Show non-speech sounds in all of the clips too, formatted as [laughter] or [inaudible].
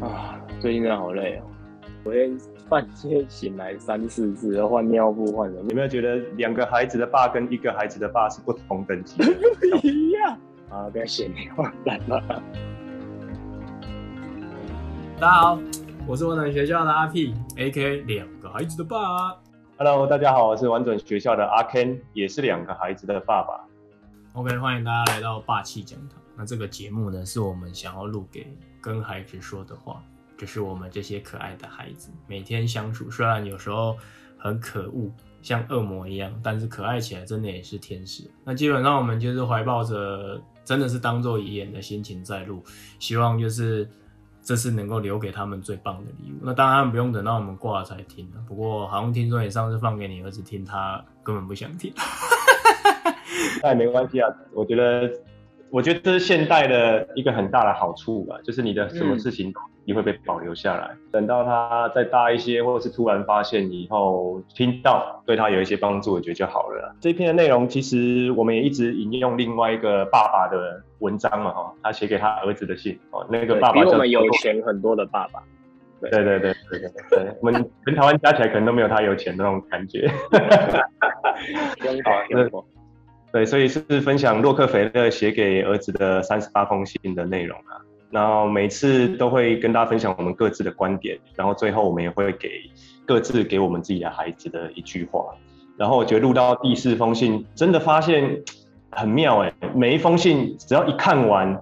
啊，最近真的好累哦！昨天半夜醒來三四次，要換尿布，換人。有沒有覺得兩個孩子的爸跟一個孩子的爸是不同等級的？一 [laughs] 樣 [laughs] 啊！不要謝你，我 [laughs] 來了。大家好，我是玩轉學校的阿 P，AK 兩個孩子的爸。Hello，大家好，我是玩轉學校的阿 Ken，也是兩個孩子的爸爸。OK，歡迎大家來到爸氣講堂。那這個節目呢，是我們想要錄給跟孩子說的話，就是我們這些可愛的孩子每天相處，雖然有時候很可惡，像惡魔一樣，但是可愛起來真的也是天使。那基本上我們就是懷抱着真的是當做遺言的心情在錄，希望就是這是能夠留給他們最棒的禮物。那當然不用等到我們掛了才聽、啊、不過好像聽說你上次放給你兒子聽，他根本不想聽。那、啊、也沒關係啊，我覺得。我覺得這是現代的一個很大的好處吧，就是你的什麼事情，你會被保留下來、嗯，等到他再大一些，或者是突然發現以後聽到，對他有一些幫助，我覺得就好了。這一篇的內容其實我們也一直引用另外一個爸爸的文章嘛，哈、哦，他寫給他兒子的信、哦、那個爸爸叫比我們有錢很多的爸爸，對對對對對對， [laughs] 對對對，我們全台灣加起來可能都沒有他有錢的那種感覺，哈哈哈哈哈。對，所以是分享洛克菲勒寫給兒子的三十八封信的內容啊，然後每次都會跟大家分享我們各自的觀點，然後最後我們也會給各自給我們自己的孩子的一句話。然後我覺得錄到第四封信，真的發現很妙哎、欸，每一封信只要一看完，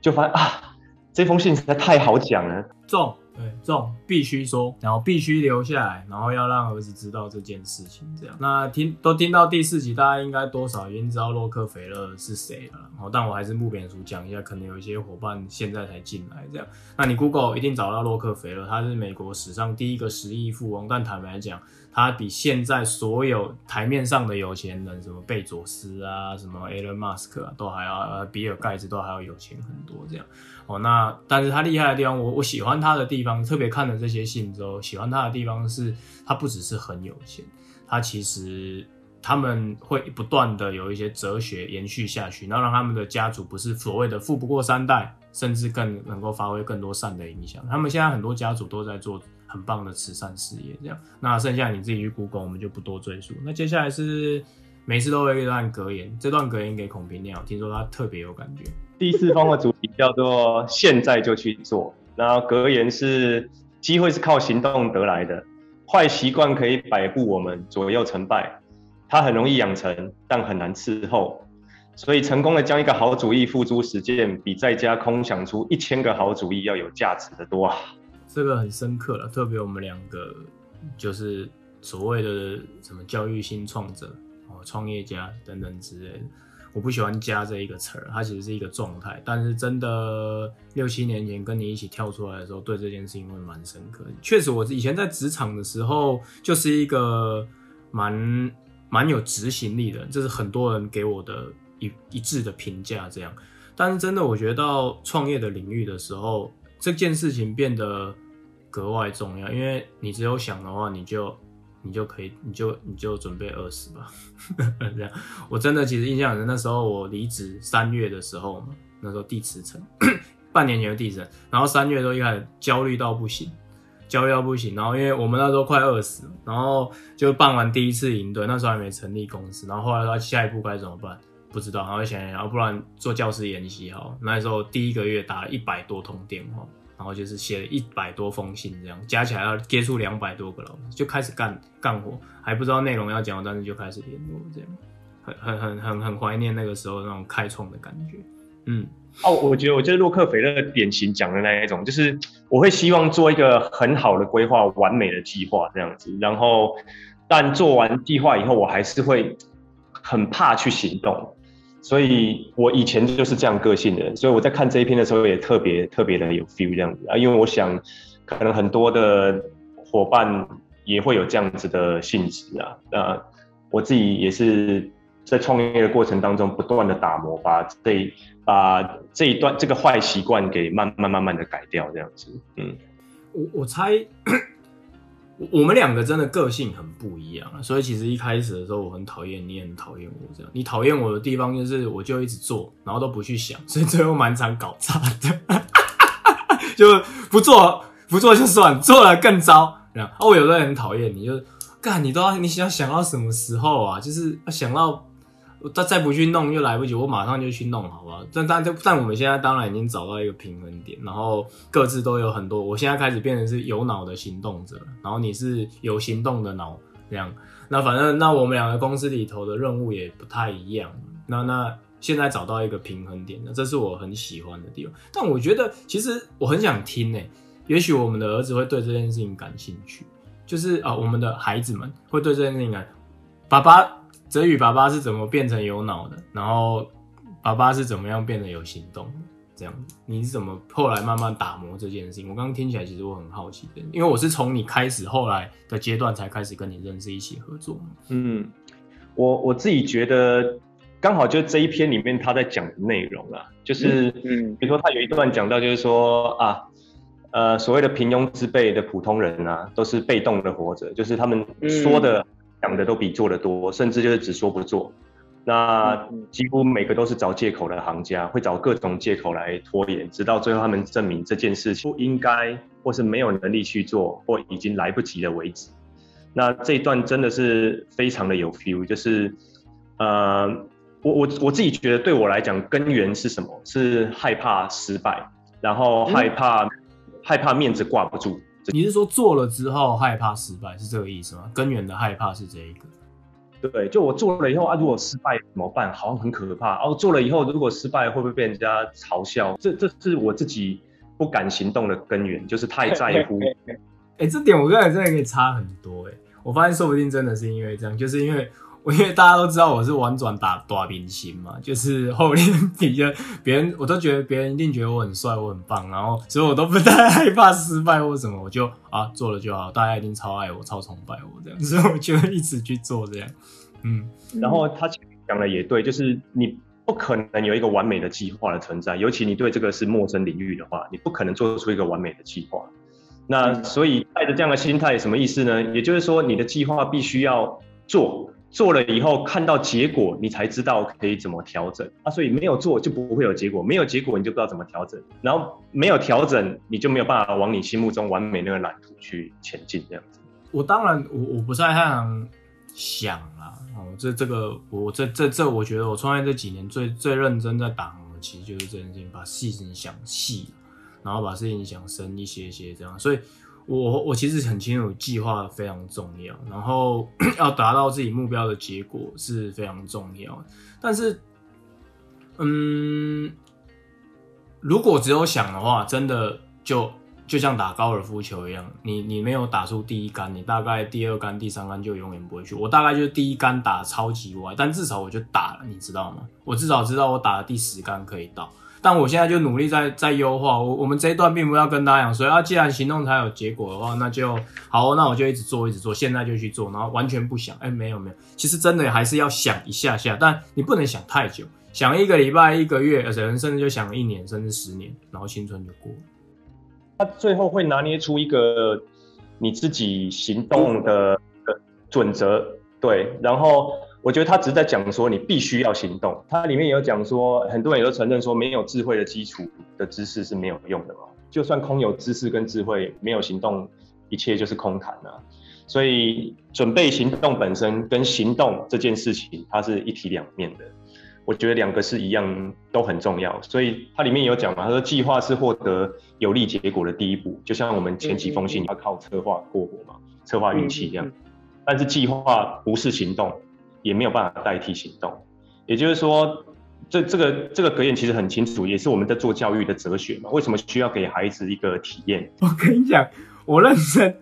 就發現啊，這封信實在太好講了。中對，這種必須說，然後必須留下來，然後要讓兒子知道這件事情。這樣，那聽都聽到第四集，大家應該多少已經知道洛克菲勒是誰了。然後，但我還是不免俗講一下，可能有一些夥伴現在才進來。這樣，那你 Google 一定找到洛克菲勒，他是美國史上第一個十億富翁。但坦白講，他比現在所有台面上的有錢人，什麼貝佐斯啊，什麼 Elon Musk 啊，都還要，比爾·蓋茨都還要有錢很多，這樣哦。那但是他厲害的地方，我我喜歡他的地方，特別看了這些信之後，喜歡他的地方是，他不只是很有錢，他其實他們會不斷的有一些哲學延續下去，然後讓他們的家族不是所謂的富不過三代，甚至更能夠發揮更多善的影響。他們現在很多家族都在做。很棒的慈善事業，這樣。那剩下你自己去 google，我們就不多贅述。那接下來是每次都會一段格言，這段格言給孔平念，聽說他特別有感覺。第四方的主題叫做“現在就去做”，然後格言是“機會是靠行動得來的，壞習慣可以擺布我們左右成敗，它很容易養成，但很難伺候。所以，成功地將一個好主意付諸實踐，比在家空想出一千個好主意要有價值得多這個很深刻了，特別我們兩個，就是所謂的什麼教育新創者哦，創業家等等之類的。我不喜歡加這一個詞兒，它其實是一個狀態。但是真的六七年前跟你一起跳出來的時候，對這件事情會蠻深刻的。確實，我以前在職場的時候，就是一個蠻蠻有執行力的，就這是很多人給我的一一致的評價這樣，但是真的，我覺得到創業的領域的時候。這件事情變得格外重要，因為你只有想的話，你就你就可以，你就你就準備餓死吧。 [laughs] 這樣，我真的其實印象很深，那時候我離職三月的時候嘛，那時候遞辭呈，半年前的遞辭，然後三月都一開始焦慮到不行，焦慮到不行，然後因為我們那時候快餓死了，然後就辦完第一次營隊，那時候還沒成立公司，然後後來說下一步該怎麼辦。不知道，然後想想，要不然做教師研習。好，那時候第一個月打了一百多通電話，然後就是寫了一百多封信，這樣加起來要接觸兩百多個老師，就開始乾乾活，還不知道內容要講，但是就開始聯絡，這樣，很很很很很懷念那個時候那種開創的感覺。嗯，哦，我覺得我覺得洛克菲勒典型講的那一種，就是我會希望做一個很好的規劃、完美的計劃這樣子，然後但做完計劃以後，我還是會很怕去行動。所以，我以前就是這樣個性的。所以我在看這一篇的時候，也特別特別的有 feel 這樣子啊。因為我想，可能很多的夥伴也會有這樣子的性質啊。啊我自己也是在創業的過程當中不斷的打磨，把這把、啊、這一段這個壞習慣給慢慢慢慢的改掉，這樣子。嗯，我我猜。 [coughs] 我，我們兩個真的個性很不一樣啊，所以其實一開始的時候，我很討厭你，也很討厭我這樣。你討厭我的地方就是，我就一直做，然後都不去想，所以最後蠻常搞砸的，哈哈哈，就不做，不做就算，做了更糟。然後我有時候很討厭你，就，幹，你都要，你想要想到什麼時候啊？就是要想到。他再不去弄又來不及，我馬上就去弄，好不好？但但但我們現在當然已經找到一個平衡點，然後各自都有很多。我現在開始變成是有腦的行動者，然後你是有行動的腦，這樣。那反正那我們兩個公司裡頭的任務也不太一樣。那那現在找到一個平衡點，那這是我很喜歡的地方。但我覺得其實我很想聽呢、欸，也許我們的兒子會對這件事情感興趣，就是啊、呃，我們的孩子們會對這件事情、啊，感爸爸。哲宇爸爸是怎麼變成有腦的？然後爸爸是怎麼樣變得有行動？這樣，你是怎麼後來慢慢打磨這件事情？我剛剛聽起來，其實我很好奇的，因為我是從你開始後來的階段才開始跟你認識一起合作。嗯，我我自己覺得剛好就這一篇裡面他在講的內容啊，就是嗯，比如說他有一段講到就是說啊，呃，所謂的平庸之輩的普通人啊，都是被動的活着，就是他們說的，嗯。講的都比做的多，甚至就是只說不做。那幾乎每個都是找借口的行家，會找各種借口來拖延，直到最後他們證明這件事情不應該，或是沒有能力去做，或已經來不及了為止。那這一段真的是非常的有 feel，就是，呃，我我我自己覺得對我來講，根源是什麼？是害怕失敗，然後害怕、嗯、害怕面子掛不住。你是說做了之後害怕失敗是這個意思嗎？根源的害怕是這一個，對，就我做了以後啊，如果失敗怎麼辦？好像很可怕哦，啊。做了以後如果失敗會不會被人家嘲笑？這這是我自己不敢行動的根源，就是太在乎。哎、欸，這點我剛才真的可以差很多哎、欸，我發現說不定真的是因為這樣，就是因為。我因為大家都知道我是玩轉打大明星嘛，就是後面別人別人，我都覺得別人一定覺得我很帥，我很棒，然後所以我都不太害怕失敗或什麼，我就啊做了就好，大家一定超愛我、超崇拜我這樣，所以我就一直去做這樣。嗯，嗯，然後他講的也對，就是你不可能有一個完美的計劃的存在，尤其，你對這個是陌生領域的話，你不可能做出一個完美的計劃。那所以帶着這樣的心態有什麼意思呢？也就是說你的計劃必須要做。做了以後看到結果，你才知道可以怎麼調整。啊，所以沒有做就不會有結果，沒有結果你就不知道怎麼調整，然後沒有調整你就沒有辦法往你心目中完美那個藍圖去前進。這樣子，我當然我我不太，太想想了，嗯。這這個我這這這我覺得我創業這幾年最最認真在打磨的，其實就是這件事情，把事情想細，然後把事情想深一些些這樣，所以。我我其實很清楚，計劃非常重要，然後 [coughs] 要達到自己目標的結果是非常重要。但是，嗯，如果只有想的話，真的就就像打高爾夫球一樣，你你沒有打出第一桿，你大概第二桿、第三桿就永遠不會去。我大概就是第一桿打超級歪，但至少我就打了，你知道嗎？我至少知道我打了第十桿可以到。但我現在就努力在在優化。我我們這一段並不要跟大家講，所以啊，既然行動才有結果的話，那就好、哦，那我就一直做，一直做，現在就去做，然後完全不想。哎，沒有沒有，其實真的還是要想一下下，但你不能想太久，想一個禮拜、一個月，呃、甚至就想一年甚至十年，然後青春就過。他最後會拿捏出一個你自己行動的準則，對，然後。我覺得他只是在講說，你必須要行動。他裡面有講說，很多人也都承認說，沒有智慧的基礎的知識是沒有用的嘛。就算空有知識跟智慧，沒有行動，一切就是空談吶，啊。所以，準備行動本身跟行動這件事情，它是一體兩面的。我覺得兩個是一樣，都很重要。所以，他裡面有講嘛，他說，計劃是獲得有利結果的第一步，就像我們前幾封信，要靠策劃過活嘛，嗯嗯，策劃運氣一樣。嗯嗯，但是，計劃不是行動。也沒有辦法代替行動，也就是說，這這個這個格言其實很清楚，也是我們在做教育的哲學嘛。為什麼需要給孩子一個體驗？我跟你講，我認真，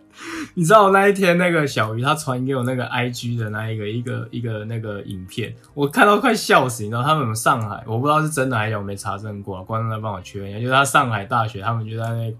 你知道那一天那個小魚他傳給我那個 IG 的那一個一個一個那個影片，我看到快笑死，你知道他們有有上海，我不知道是真的還是我沒查證過，啊，觀眾在幫我確認一下，就是他上海大學，他們就在那。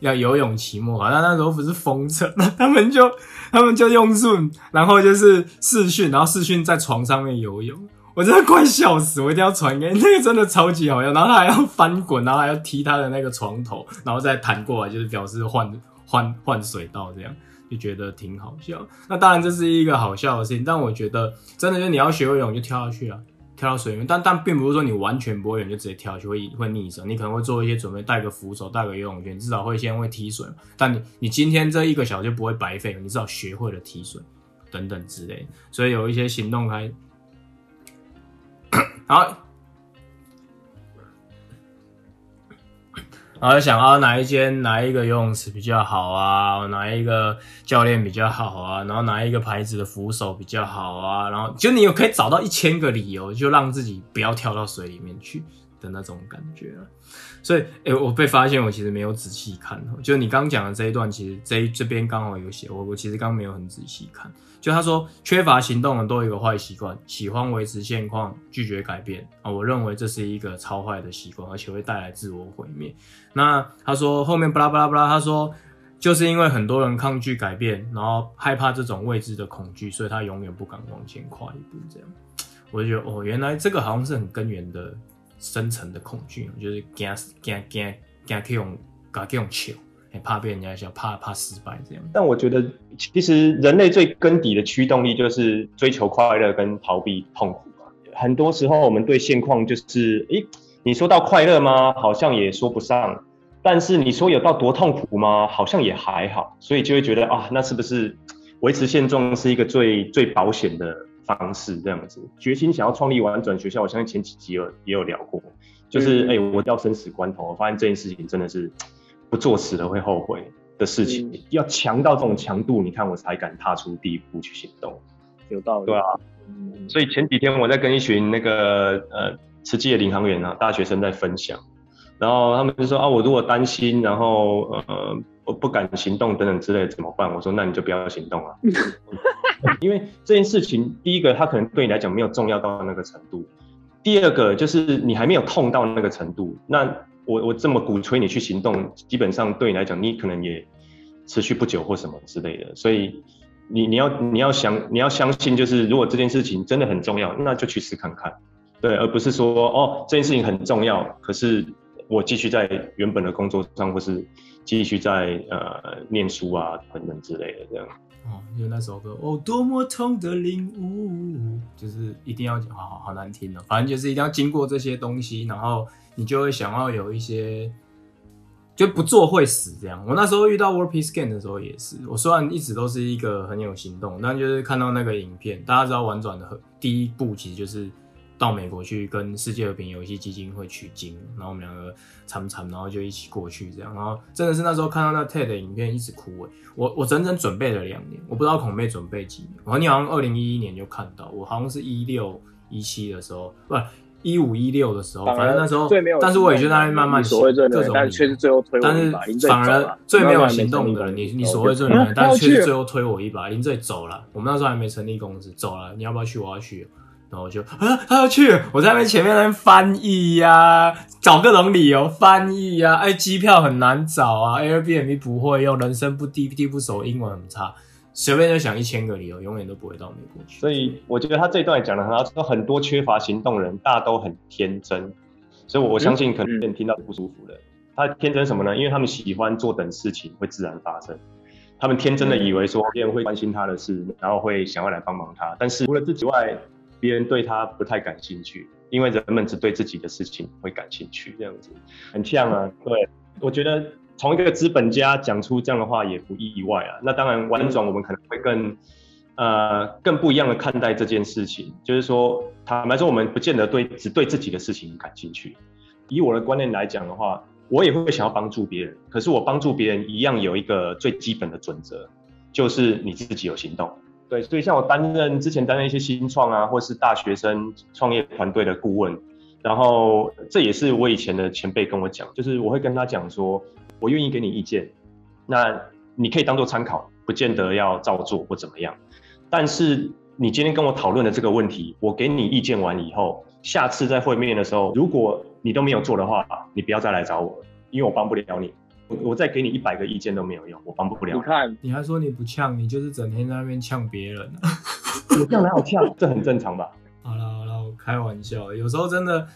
要游泳期末好，但那時候不是封城，他們就他們就用 Zoom，然後就是視訊，然後視訊在床上面游泳，我真的快笑死，我一定要傳給你，那個真的超級好笑。然後他還要翻滾，然後還要踢他的那個床頭，然後再彈過來，就是表示換換換水道這樣，就覺得挺好笑。那當然這是一個好笑的事情，但我覺得真的就是你要學游泳就跳下去啊。跳到水面，但但並不是說你完全不會你就直接跳下去會會溺死，你可能會做一些準備，帶個扶手，帶個游泳圈，至少會先會踢水。但你你今天這一個小時就不會白費，你至少學會了踢水等等之類，所以有一些行動還。 [coughs] 好。然後想啊，哪一間哪一個游泳池比較好啊？哪一個教練比較好啊？然後哪一個牌子的扶手比較好啊？然後就你又可以找到一千個理由，就讓自己不要跳到水裡面去。的那種感覺，啊，所以，誒、欸，我被發現我其實沒有仔細看，喔，就你剛講的這一段,其實這一這邊剛好有寫，我我其實剛沒有很仔細看，就他說缺乏行動的都有個壞習慣，喜歡維持現況，拒絕改變啊，我認為這是一個超壞的習慣，而且會帶來自我毀滅。那他說後面巴拉巴拉巴拉，他說就是因為很多人抗拒改變，然後害怕這種未知的恐懼，所以他永遠不敢往前跨一步。這樣，我就覺得哦，原來這個好像是很根源的，深層的恐懼，就是怕被人家笑，怕怕，怕，怕，怕失敗這樣。但我覺得，其實人類最根底的驅動力就是追求快樂跟逃避痛苦。很多時候，我們對現況就是，誒、欸，你說到快樂嗎？好像也說不上。但是你說有到多痛苦嗎？好像也還好。所以就會覺得啊，那是不是維持現狀是一個最最保險的？方式這樣子，決心想要創立玩轉學校，我相信前幾集有也有聊過，就是哎、嗯欸，我到生死關頭，我發現這件事情真的是不作死的會後悔的事情，嗯、要強到這種強度，你看我才敢踏出第一步去行動，有道理，對啊、嗯，所以前幾天我在跟一群那個呃，實際的領航員啊，大學生在分享，然後他們就說啊，我如果擔心，然後呃。我不敢行動，等等之類的怎麼辦？我說那你就不要行動了，啊， [laughs] 因為這件事情，第一個它可能對你來講沒有重要到那個程度，第二個就是你還沒有痛到那個程度。那我我這麼鼓吹你去行動，基本上對你來講，你可能也持續不久或什麼之類的。所以你你要你要想你要相信，就是如果這件事情真的很重要，那就去試看看，對，而不是說哦這件事情很重要，可是。我繼續在原本的工作上，或是繼續在呃念書啊等等之類的這樣。哦，有那首歌《哦，多麼痛的領悟》，就是一定要好好，哦，好難聽的，反正就是一定要經過這些東西，然後你就會想要有一些，就不做會死這樣。我那時候遇到《World Peace Game》的時候也是，我雖然一直都是一個很有行動，但就是看到那個影片，大家知道玩轉的第一步其實就是。到美國去跟世界和平遊戲基金會取經，然後我們兩個慘慘，然後就一起過去這樣。然後真的是那時候看到那 TED 影片，一直哭、欸。我我整整準備了兩年，我不知道孔妹準備幾年。我好像二零一一年就看到，我好像是一六一七的時候，不一五一六的時候，反正那時候。時但是我也覺得在那邊慢慢學各種。但是最後推我但是反而最沒有行動的人，你你所謂最努、嗯、但是卻是最後推我一把，林、嗯嗯、最後走了。我們那時候還沒成立公司，走了。你要不要去？我要去、啊。然後我就，啊，他要去，我在那邊前面那邊翻譯呀、啊，找各種理由翻譯呀、啊，哎，機票很難找啊，Airbnb 不會用，人生不低，地不熟，英文很差，隨便就想一千個理由，永遠都不會到美國去。所以我覺得他這一段講的很好，他說很多缺乏行動的人，大家都很天真，所以我相信可能別人聽到不舒服的，他天真什麼呢？因為他們喜歡坐等事情會自然發生，他們天真的以為說別人會關心他的事，然後會想要來幫忙他，但是除了自己外。別人對他不太感興趣，因為人們只對自己的事情會感興趣，這樣子很像啊。對，我覺得從一個資本家講出這樣的話也不意外啊。那當然，玩轉我們可能會更、嗯、呃更不一樣的看待這件事情，就是說坦白說，我們不見得對只對自己的事情感興趣。以我的觀念來講的話，我也會想要幫助別人，可是我幫助別人一樣有一個最基本的準則，就是你自己有行動。對，所以像我擔任之前擔任一些新創啊，或是大學生創業團隊的顧問，然後這也是我以前的前輩跟我講，就是我會跟他講說，我願意給你意見，那你可以當做參考，不見得要照做或怎麼樣。但是你今天跟我討論的這個問題，我給你意見完以後，下次再會面的時候，如果你都沒有做的話，你不要再來找我，因為我幫不了你。我再給你一百個意見都沒有用，我幫不了。你看，你還說你不嗆，你就是整天在那邊嗆別人啊！你幹嘛要嗆，這很正常吧？好了好了，我開玩笑，有時候真的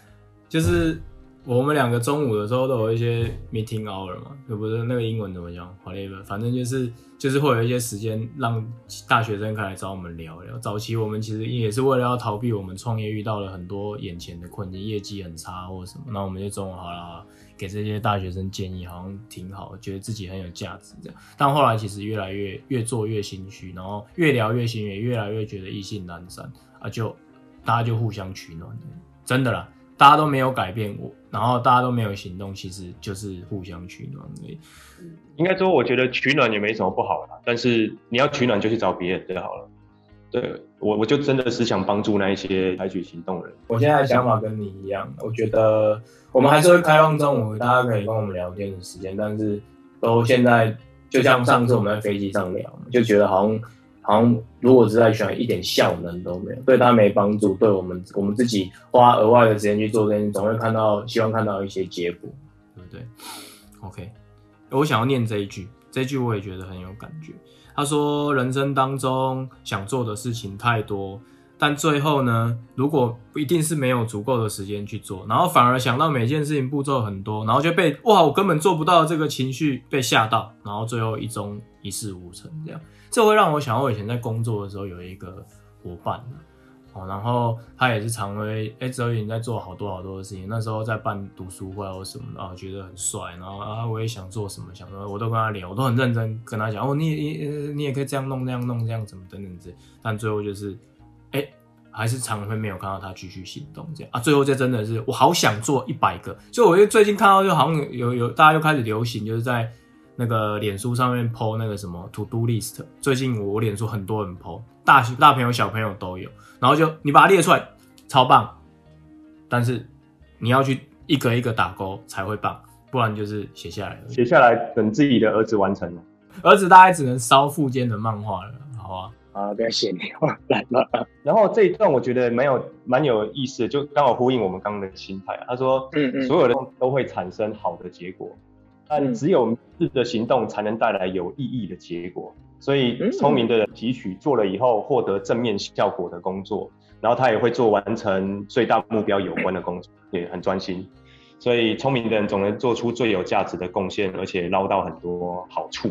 就是。我們兩個中午的時候都有一些 meeting hour 嘛，不是那個英文怎麼講，whatever，反正就是就是會有一些時間讓大學生可以來找我們聊聊。早期我們其實也是為了要逃避我們創業遇到了很多眼前的困境，業績很差或什麼，那我們就中午好啦，給這些大學生建議，好像挺好，覺得自己很有價值這樣。但後來其實越來越越做越心虛，然後越聊越心虛，越來越覺得意興闌珊啊就，就大家就互相取暖，真的啦。大家都沒有改變過，然後大家都沒有行動，其實就是互相取暖而已。應該說，我覺得取暖也沒什麼不好啦、啊，但是你要取暖就去找別人就好了。對我，我就真的是想幫助那一些採取行動人。我現在的想法跟你一樣，我覺得我們還是會開放中午大家可以跟我們聊天的時間，但是都現在就像上次我們在飛機上聊，就覺得好像。好像如果是在選，一點效能都沒有，對他沒幫助，對我們我們自己花額外的時間去做這件事，總會看到希望看到一些結果，對不對？OK，我想要念這一句，這一句我也覺得很有感覺。他說，人生當中想做的事情太多。但最後呢，如果不一定是沒有足夠的時間去做，然後反而想到每件事情步驟很多，然後就被哇，我根本做不到，這個情緒被嚇到，然後最後一中一事無成，這樣，這會讓我想到，我以前在工作的時候有一個伙伴、喔，然後他也是常會哎，周、欸、瑜在做好多好多的事情，那時候在辦讀書會或什麼的，我、啊、覺得很帥，然後啊，我也想做什麼，想做什麼，我都跟他聊，我都很認真跟他講，哦、喔，你你、呃、你也可以這樣弄，那樣弄，這樣怎麼等等之類，但最後就是。哎、欸，還是常會沒有看到他繼續行動這樣啊。最後這真的是我好想做一百個，所以我就最近看到，就好像有有，有大家又開始流行，就是在那個臉書上面 po 那個什麼 to do list。最近我臉書很多人 po，大大朋友小朋友都有。然後就你把它列出來，超棒。但是你要去一個一個打勾才會棒，不然就是寫下來，寫下來等自己的兒子完成。兒子大概只能燒父親的漫畫了，好啊。啊，不要謝你，我 [laughs] 來了。然後這一段我覺得蠻有蠻有意思的，就剛好呼應我們剛剛的心態。他說，嗯嗯，所有的都會產生好的結果，但只有自己的行動才能帶來有意義的結果。所以聰明的人提取做了以後獲得正面效果的工作，然後他也會做完成最大目標有關的工作，嗯嗯也很專心。所以聰明的人總能做出最有價值的貢獻，而且撈到很多好處。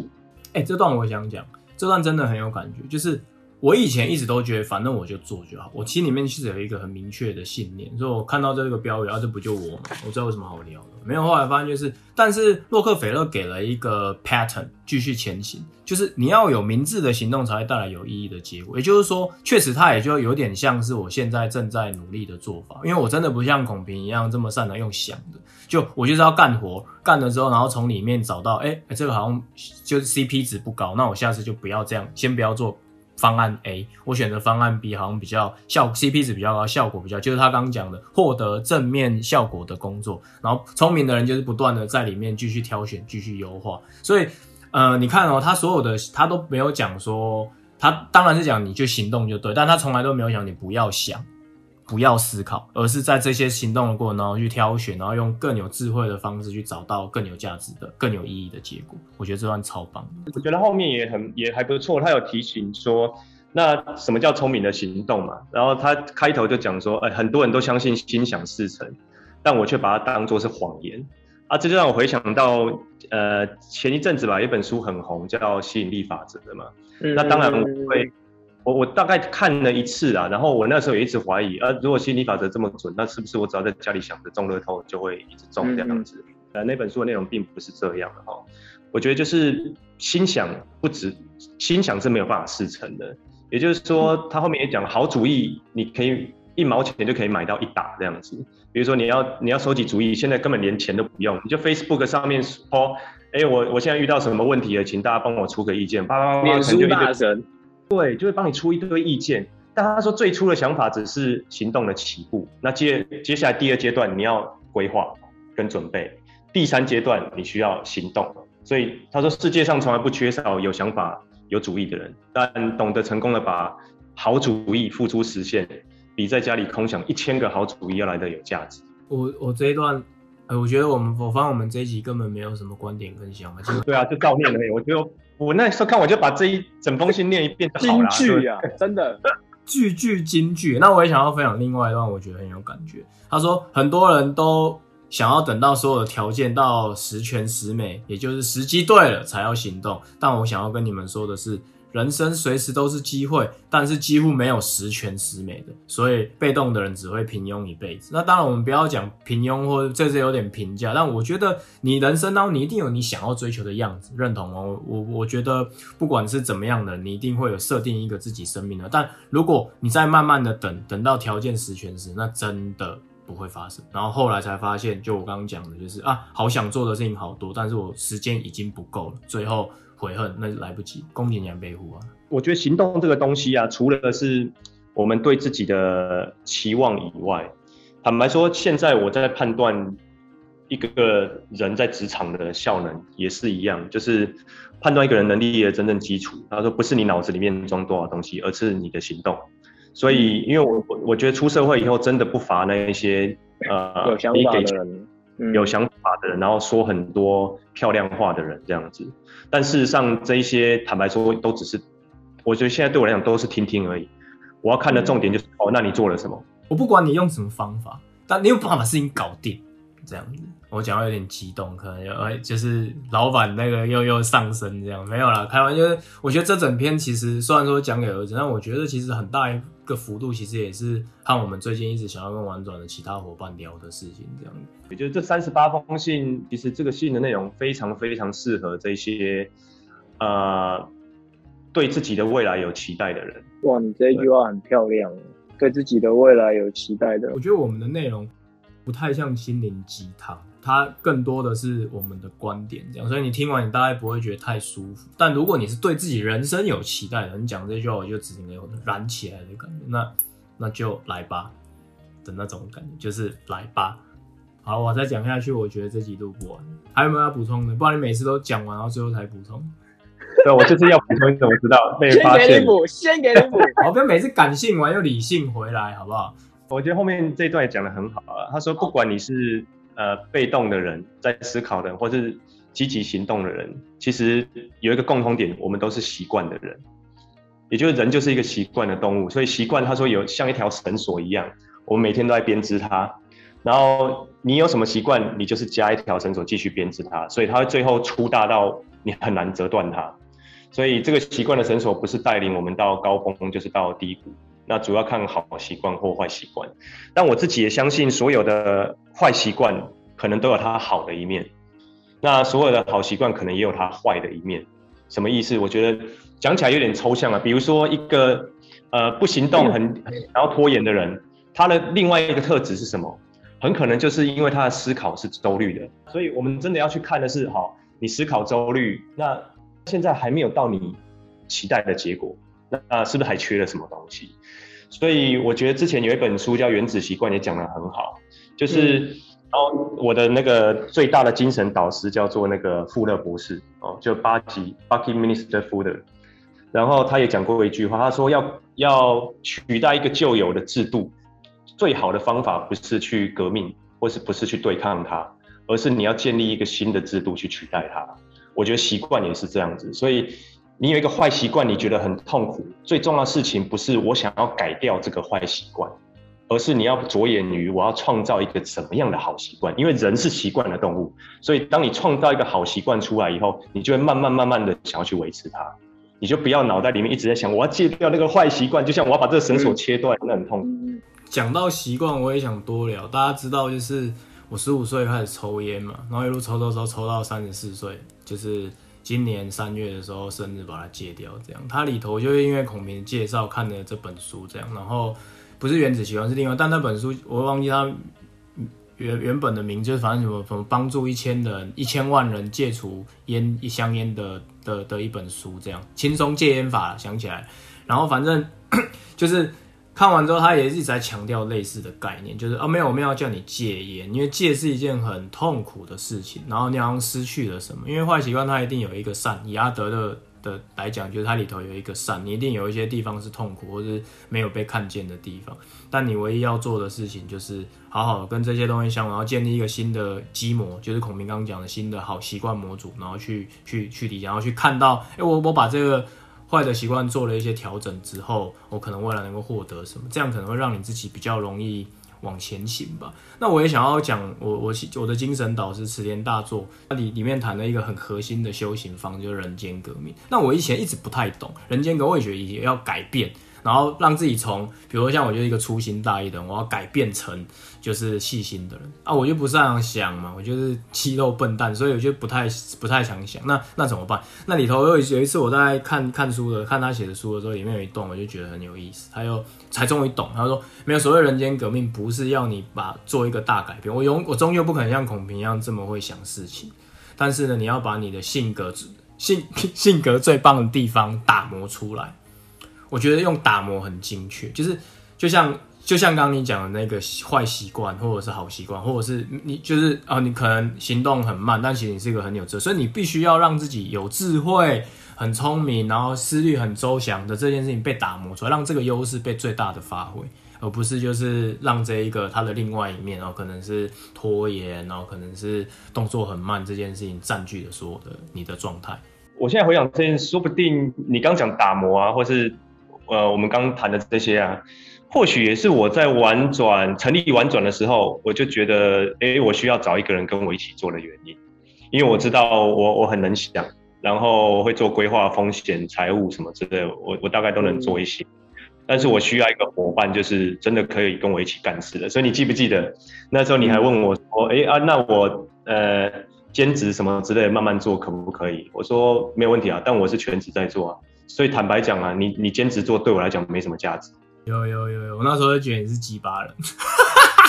哎、欸，這段我想講，這段真的很有感覺，就是。我以前一直都覺得，反正我就做就好。我心裡面其實有一個很明確的信念，說我看到這個標語，啊，這不就我嗎？我知道有什麼好聊的。沒有後來發現就是，但是洛克菲勒給了一個 pattern 繼續前行，就是你要有明智的行動才會帶來有意義的結果。也就是說，確實他也就有點像是我現在正在努力的做法，因為我真的不像孔平一樣這麼擅長用想的，就我就是要幹活，幹了之後，然後從裡面找到，哎、欸欸，這個好像就是 CP 值不高，那我下次就不要這樣，先不要做。方案 A，我選擇方案 B，好像比較效 CP 值比較高，效果比較就是他剛剛講的獲得正面效果的工作。然後聰明的人就是不斷的在裡面繼續挑選，繼續優化。所以，呃，你看哦、喔，他所有的他都沒有講說，他當然是講你就行動就對，但他從來都沒有講你不要想。不要思考，而是在這些行動的過程中去挑選，然後用更有智慧的方式去找到更有價值的、更有意義的結果。我覺得這段超棒。我覺得後面也很也還不錯，他有提醒說，那什麼叫聰明的行動嘛？然後他開頭就講說，哎、欸，很多人都相信心想事成，但我卻把它當作是謊言啊！這就讓我回想到，呃，前一陣子吧，一本書很紅，叫《吸引力法則》的嘛。嗯。那當然我會。我我大概看了一次啊，然後我那時候也一直懷疑，呃、啊，如果心理法則這麼準，那是不是我只要在家裡想着中樂透就會一直中這樣子？但、嗯嗯、那本書的內容並不是這樣的哈。我覺得就是心想不止，心想是沒有辦法事成的。也就是說，他後面也講，好主意你可以一毛錢就可以買到一打這樣子。比如說你要你要收集主意，現在根本連錢都不用，你就 Facebook 上面說，哎、欸，我我現在遇到什麼問題了，請大家幫我出個意見，啪啪啪，啪，成就一個神。對，就會幫你出一堆意見，但他說最初的想法只是行動的起步。那接接下來第二階段你要規劃跟準備，第三階段你需要行動。所以他說世界上從來不缺少有想法、有主意的人，但懂得成功的把好主意付諸實現，比在家裡空想一千個好主意要來得有價值。我我這一段，呃，我覺得我們我發現我們這一集根本沒有什麼觀點跟想法，對啊，就照念而已。我就。我那時候看，我就把這一整封信念一遍就好了。金句呀、啊，真的，句句金句。那我也想要分享另外一段，我覺得很有感覺。他說，很多人都想要等到所有的條件到十全十美，也就是時機對了才要行動。但我想要跟你們說的是，人生隨時都是機會，但是幾乎沒有十全十美的，所以被動的人只會平庸一輩子。那當然，我們不要講平庸，或者這是有點評價，但我覺得你人生當中你一定有你想要追求的樣子，認同嗎？我我覺得不管是怎麼樣的，你一定會有設定一個自己生命的。但如果你再慢慢的等，等到條件十全時，那真的不會發生。然後後來才發現，就我剛剛講的，就是啊，好想做的事情好多，但是我時間已經不夠了。最後。悔恨那就來不及，功名難背負啊。我覺得行動這個東西啊，除了是我們對自己的期望以外，坦白說，現在我在判斷一個人在職場的效能也是一樣，就是判斷一個人能力的真正基礎。他說，不是你腦子裡面裝多少東西，而是你的行動。所以，嗯、因為我我我覺得出社會以後，真的不乏那一些呃有想法的人。有想法的人，然後說很多漂亮話的人，這樣子。但事實上這一，這些坦白說都只是，我覺得現在對我來講都是聽聽而已。我要看的重點就是、嗯，哦，那你做了什麼？我不管你用什麼方法，但你有辦法把事情搞定，這樣子。我講話有點激動，可能有就是老板那個又又上升這樣，沒有了，開玩笑。我覺得這整篇其實雖然說講給兒子，但我覺得其實很大一。一個幅度其實也是和我們最近一直想要跟玩轉的其他夥伴聊的事情，這樣子。也就是這三十八封信，其實這個信的內容非常非常適合這些，呃，對自己的未來有期待的人。哇，你這一句話很漂亮對。對自己的未來有期待的。我覺得我們的內容不太像心靈雞湯。他更多的是我們的觀點，這樣，所以你聽完你大概不會覺得太舒服。但如果你是對自己人生有期待的，你講這句話，我就只能有燃起來的感覺。那那就來吧的那種感覺，就是來吧。好，我再講下去，我覺得這集錄不完，還有沒有要補充的？不然你每次都講完，然後最後才補充。對，我就是要補充，你怎麼知道？先給你補，先給你補。好，不要每次感性完又理性回來，好不好？我覺得後面這一段也講的很好啊。他說，不管你是。呃，被動的人在思考的人，或是積極行動的人，其實有一個共同點，我們都是習慣的人，也就是人就是一個習慣的動物，所以習慣他說有像一條繩索一樣，我們每天都在編織它，然後你有什麼習慣，你就是加一條繩索繼續編織它，所以它最後粗大到你很難折斷它，所以這個習慣的繩索不是帶領我們到高峰，就是到低谷。那主要看好習慣或壞習慣，但我自己也相信，所有的壞習慣可能都有它好的一面，那所有的好習慣可能也有它壞的一面。什麼意思？我覺得講起來有點抽象啊。比如說一個呃不行動很然後拖延的人，他的另外一個特質是什麼？很可能就是因為他的思考是周率的。所以我們真的要去看的是，好，你思考周率，那現在還沒有到你期待的結果。那是不是還缺了什麼東西？所以我覺得之前有一本書叫《原子習慣》，也講得很好。嗯、就是，我的那個最大的精神導師叫做那個富勒博士哦，就巴吉 （Buckminster Fuller）。Fuller, 然後他也講過一句話，他說要：“要要取代一個舊有的制度，最好的方法不是去革命，或是不是去對抗它，而是你要建立一個新的制度去取代它。”我覺得習慣也是這樣子，所以。你有一個壞習慣，你覺得很痛苦。最重要的事情不是我想要改掉這個壞習慣，而是你要着眼於我要創造一個怎麼樣的好習慣。因為人是習慣的動物，所以當你創造一個好習慣出來以後，你就會慢慢慢慢的想要去維持它。你就不要腦袋裡面一直在想我要戒掉那個壞習慣，就像我要把這個繩索切斷，嗯，那很痛苦。嗯、講到習慣，我也想多聊。大家知道，就是我十五歲開始抽菸嘛，然後一路抽抽抽，抽到三十四歲，就是。今年三月的時候，甚至把它戒掉，這樣。它裡頭就是因為孔明介紹看了這本書，這樣。然後不是原子習慣是另外，但那本書我忘記它原原本的名，就是反正什麼什麼幫助一千人、一千萬人戒除煙、一香煙的的的一本書，這樣，輕鬆戒煙法想起來。然後反正 [coughs] 就是。看完之後，他也一直在強調類似的概念，就是哦、啊，沒有，我沒有要叫你戒菸，因為戒是一件很痛苦的事情。然後你好像失去了什麼？因為壞習慣它一定有一個善，以阿德勒的來講，就是它裡頭有一個善，你一定有一些地方是痛苦或是沒有被看見的地方。但你唯一要做的事情就是好好跟這些東西相，然後建立一個新的基模，就是孔明剛剛講的新的好習慣模組，然後去去去理解，然後去看到，哎、欸，我我把這個。壞的習慣做了一些調整之後，我可能未來能夠獲得什麼？這樣可能會讓你自己比較容易往前行吧。那我也想要講，我我我的精神導師池田大作裡裡面談了一個很核心的修行方，就是人間革命。那我以前一直不太懂，人間革命我也覺得，也要改變。然後讓自己從，比如說像我就是一個粗心大意的人，我要改變成就是細心的人啊，我就不是這樣想嘛，我就是肌肉笨蛋，所以我就不太不太想想，那那怎麼辦？那裡頭有有一次我在看看書的，看他寫的書的時候，裡面有一段我就覺得很有意思，他又才終於懂，他說沒有所謂人間革命，不是要你把做一個大改變，我永我終究不可能像孔平一樣這麼會想事情，但是呢，你要把你的性格性性格最棒的地方打磨出來。我覺得用打磨很精確，就是就像就像剛剛你講的那個壞習慣，或者是好習慣，或者是你就是啊、哦，你可能行動很慢，但其實你是一個很有智慧，所以你必須要讓自己有智慧、很聰明，然後思慮很周詳的這件事情被打磨出來，讓這個優勢被最大的發揮，而不是就是讓這一個它的另外一面，哦，可能是拖延，然後可能是動作很慢這件事情占據了所有的你的狀態。我現在回想這件事說不定你剛講打磨啊，或是。呃，我們剛剛談的這些啊，或許也是我在玩轉成立玩轉的時候，我就覺得，哎、欸，我需要找一個人跟我一起做的原因，因為我知道我我很能想，然後會做規劃、風險、財務什麼之類，我我大概都能做一些，但是我需要一個夥伴，就是真的可以跟我一起幹事的。所以你記不記得那時候你還問我說，哎、欸、啊，那我呃兼職什麼之類的慢慢做可不可以？我說沒有問題啊，但我是全職在做啊。所以坦白講啊，你你兼職做對我來講沒什麼價值。有有有有，我那時候就覺得你是雞巴人，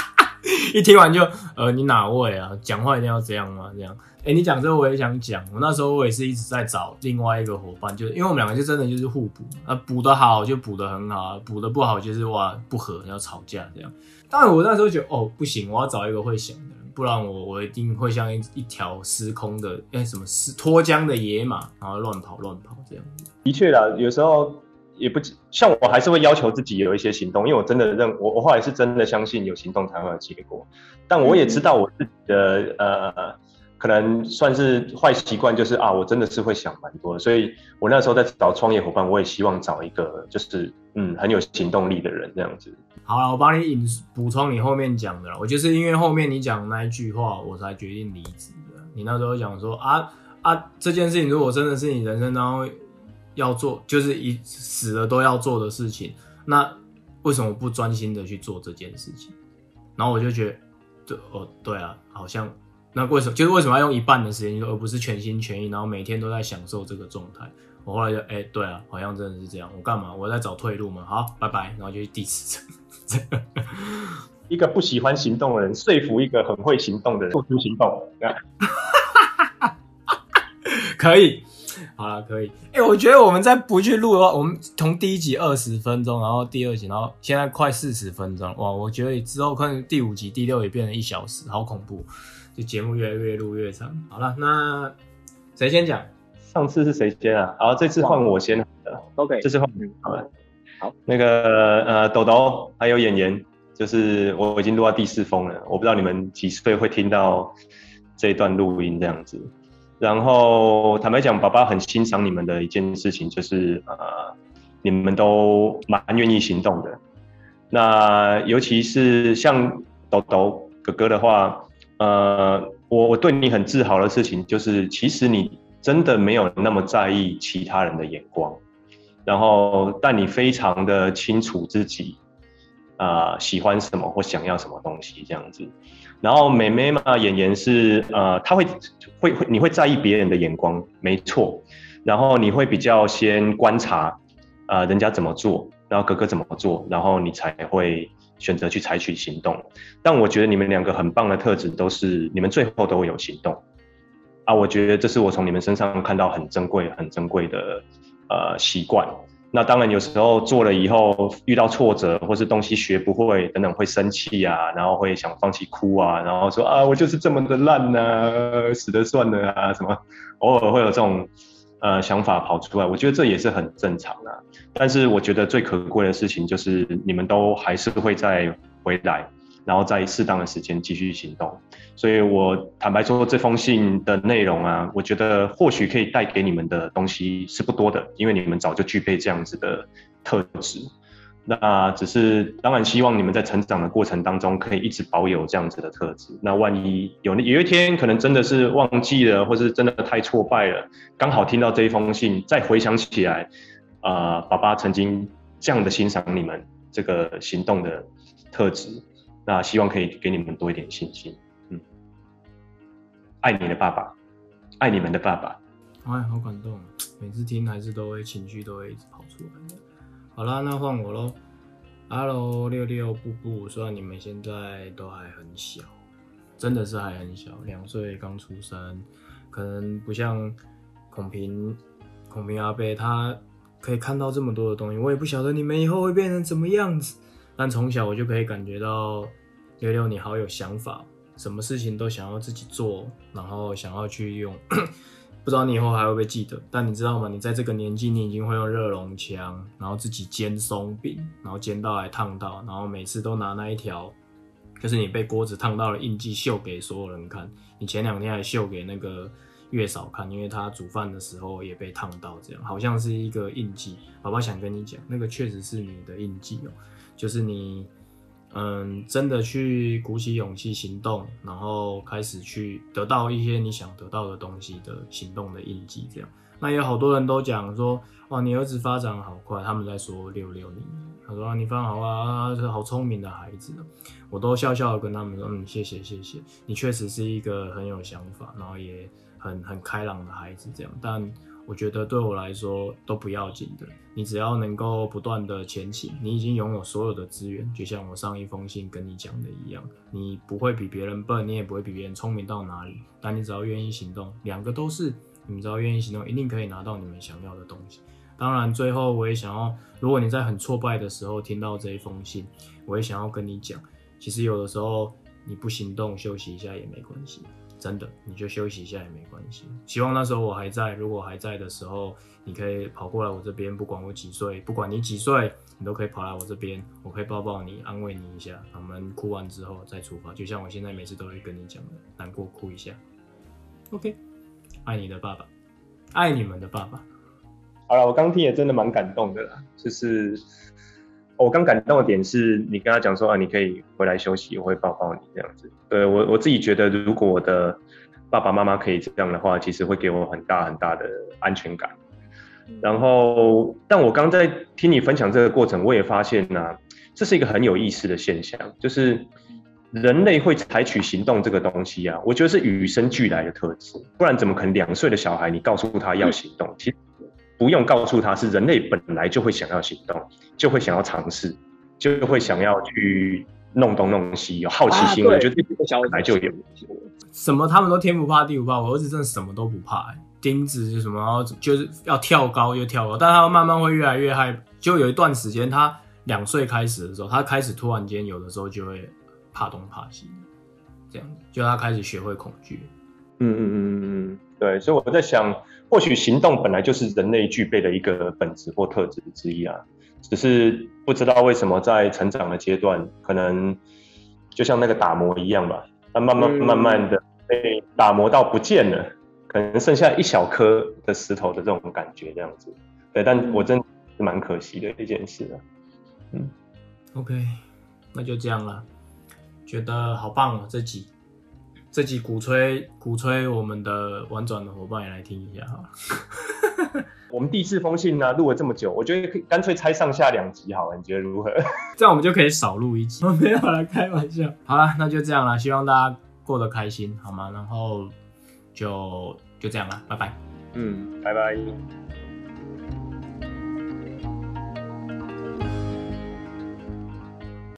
[laughs] 一聽完就呃，你哪位啊？講話一定要這樣嗎？這樣？哎、欸，你講這我也想講，我那時候我也是一直在找另外一個夥伴，就是因為我們兩個就真的就是互補啊，補的好就補的很好，補的不好就是哇不合要吵架這樣。但我那時候覺得哦不行，我要找一個會想的。不然我我一定會像一一條失控的哎、欸、什麼失脫韁的野馬，然後亂跑亂跑這樣子。的確啦，有時候也不像我，還是會要求自己有一些行動，因為我真的認我我後來是真的相信有行動才會有結果。但我也知道我自己的、嗯、呃可能算是壞習慣，就是啊，我真的是會想蠻多的。所以我那時候在找創業夥伴，我也希望找一個就是嗯很有行動力的人這樣子。好了，我幫你引補充你後面講的了。我就是因為後面你講的那一句話，我才決定離職的。你那時候講說，啊，啊，這件事情如果真的是你人生當中要做，就是一死了都要做的事情，那為什麼不專心的去做這件事情？然後我就覺得，對哦，對啊，好像。那為什麼？就是為什麼要用一半的時間，而不是全心全意，然後每天都在享受這個狀態？我後來就哎、欸，對啊，好像真的是這樣。我幹嘛？我在找退路嘛。好，拜拜，然後就去第十層。 [laughs] 一個不喜歡行動的人說服一個很會行動的人付出行動 [laughs] 可，可以。好了，可以。哎，我覺得我們再不去錄的話，我們從第一集二十分鐘，然後第二集，然後現在快四十分鐘，哇！我覺得之後可能第五集、第六也變成一小時，好恐怖。這節目越來越錄越長，好了，那誰先講？上次是誰先啊？好，這次換我先、啊、OK，、wow. 這次換你、啊 okay. 好了。好，那個呃，豆豆還有妍妍就是我已經錄到第四封了，我不知道你們幾時會聽到這段錄音這樣子。然後坦白講，爸爸很欣賞你們的一件事情，就是呃，你們都蠻願意行動的。那尤其是像豆豆哥哥的話。呃，我我對你很自豪的事情就是，其實你真的沒有那麼在意其他人的眼光，然後但你非常的清楚自己，啊、呃，喜歡什麼或想要什麼東西這樣子。然後妹妹嘛，演員是呃，她會會會你會在意別人的眼光，沒錯。然後你會比較先觀察，啊、呃，人家怎麼做，然後哥哥怎麼做，然後你才會選擇去採取行動，但我覺得你們兩個很棒的特質都是，你們最後都會有行動啊！我覺得這是我從你們身上看到很珍貴、很珍貴的呃習慣。那當然，有時候做了以後遇到挫折，或是東西學不會等等，會生氣啊，然後會想放棄、哭啊，然後說啊，我就是這麼的爛吶、啊，死了算了啊，什麼？偶爾會有這種。呃，想法跑出來，我覺得這也是很正常的啊。但是，我覺得最可貴的事情就是你們都還是會再回來，然後在適當的時間繼續行動。所以我坦白說，這封信的內容啊，我覺得或許可以帶給你們的東西是不多的，因為你們早就具備這樣子的特質。那只是當然，希望你們在成長的過程當中，可以一直保有這樣子的特質。那萬一有有一天，可能真的是忘記了，或是真的太挫敗了，剛好聽到這一封信，再回想起來，啊、呃，爸爸曾經這樣的欣賞你們這個行動的特質，那希望可以給你們多一點信心。嗯，愛你的爸爸，愛你們的爸爸。哎，好感動，每次聽還是都會情緒都會跑出來的。好啦，那換我嘍。Hello，六六、布布，雖然你們現在都還很小，真的是還很小，兩歲剛出生，可能不像孔平、孔平阿伯，他可以看到這麼多的東西。我也不曉得你們以後會變成什麼樣子，但從小我就可以感覺到，六六你好有想法，什麼事情都想要自己做，然後想要去用。 [coughs] 不知道你以後還會不會記得，但你知道嗎？你在這個年紀，你已經會用熱熔槍，然後自己煎鬆餅，然後煎到還燙到，然後每次都拿那一條，就是你被鍋子燙到的印記秀給所有人看。你前兩天還秀給那個月嫂看，因為她煮飯的時候也被燙到，這樣好像是一個印記。寶寶想跟你講，那個確實是你的印記哦、喔，就是你。嗯，真的去鼓起勇氣行動，然後開始去得到一些你想得到的東西的行動的印記。這樣，那有好多人都講說，哇，你兒子發展好快，他們在說六六你，他說，啊，你發展好啊，好聰明的孩子，我都笑笑地跟他們說，嗯，謝謝謝謝，你確實是一個很有想法，然後也很很開朗的孩子，這樣，但。我覺得對我來說都不要緊的，你只要能夠不斷地前行，你已經擁有所有的資源，就像我上一封信跟你講的一樣，你不會比別人笨，你也不會比別人聰明到哪裡，但你只要願意行動，兩個都是，你只要願意行動，一定可以拿到你們想要的東西。當然，最後我也想要，如果你在很挫敗的時候聽到這一封信，我也想要跟你講，其實有的時候你不行動，休息一下也沒關係。真的，你就休息一下也沒關係。希望那時候我還在，如果我還在的時候，你可以跑過來我這邊，不管我幾歲，不管你幾歲，你都可以跑來我這邊，我可以抱抱你，安慰你一下。我們哭完之後再出發，就像我現在每次都會跟你講的，難過哭一下。OK，愛你的爸爸，愛你們的爸爸。好了，我剛聽也真的蠻感動的啦，就是。我剛感動的點是，你跟他講說啊，你可以回來休息，我會抱抱你這樣子。對我我自己覺得，如果我的爸爸媽媽可以這樣的話，其實會給我很大很大的安全感。然後，但我剛在聽你分享這個過程，我也發現呢、啊，這是一個很有意思的現象，就是人類會採取行動這個東西啊，我覺得是與生俱來的特質，不然怎麼可能兩歲的小孩你告訴他要行動？其、嗯不用告訴他，是人類本來就會想要行動，就會想要嘗試，就會想要去弄東弄西，有好奇心的，我覺得本來就有。什麼他們都天不怕地不怕，我兒子真的什麼都不怕，欸，釘子什麼，然後就是要跳高又跳高。但他慢慢會越來越害，就有一段時間，他兩歲開始的時候，他開始突然間有的時候就會怕東怕西，這樣子，就他開始學會恐懼。嗯嗯嗯嗯嗯，對，所以我在想。或許行動本來就是人類具備的一個本質或特質之一啊，只是不知道為什麼在成長的階段，可能就像那個打磨一樣吧，它慢慢慢慢的被打磨到不見了，嗯、可能剩下一小顆的石頭的這種感覺這樣子。對，但我真是蠻可惜的一件事啊。嗯，OK，那就這樣了，覺得好棒哦，這集。這集鼓吹鼓吹我們的玩轉的夥伴也來聽一下哈， [laughs] 我們第四封信呢、啊、錄了這麼久，我覺得可以乾脆拆上下兩集好了，你覺得如何？ [laughs] 這樣我們就可以少錄一集。我 [laughs] 沒有啦，開玩笑。好啦，那就這樣啦，希望大家過得開心，好嗎？然後就就這樣啦，拜拜。嗯，拜拜。